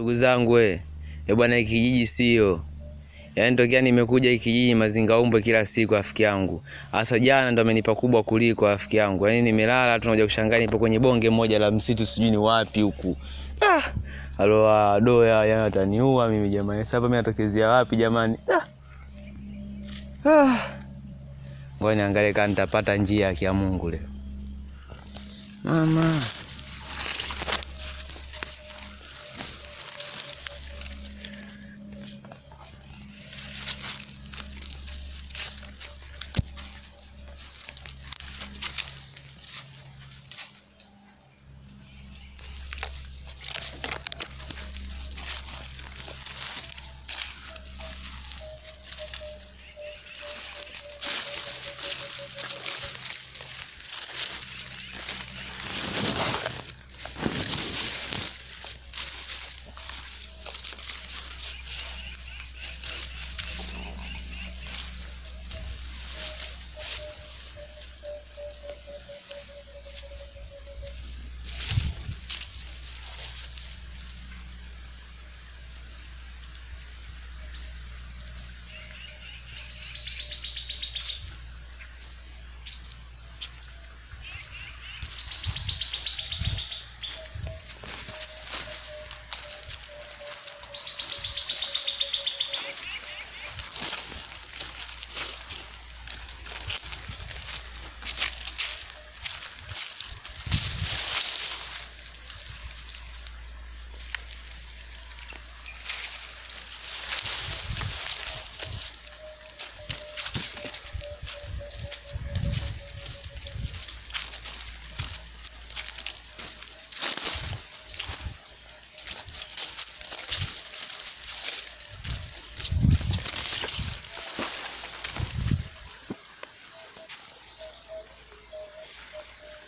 Ndugu zangu eh, bwana kijiji sio. Yaani tokea nimekuja kijiji mazinga umbe kila siku rafiki yangu. Hasa jana ndo amenipa kubwa kuliko rafiki yangu. Yaani nimelala tu tunakuja kushangaa nipo kwenye bonge moja la msitu sijui ni wapi huku. Ah! Alo ah, doya yana ataniua mimi jamani. Sasa mimi natokezea wapi jamani? Ah! Ah! Ngoja niangalie kama nitapata njia ya Mungu leo. Mama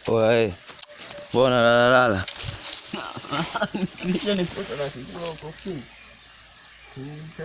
Oye, Bueno, la la la. la.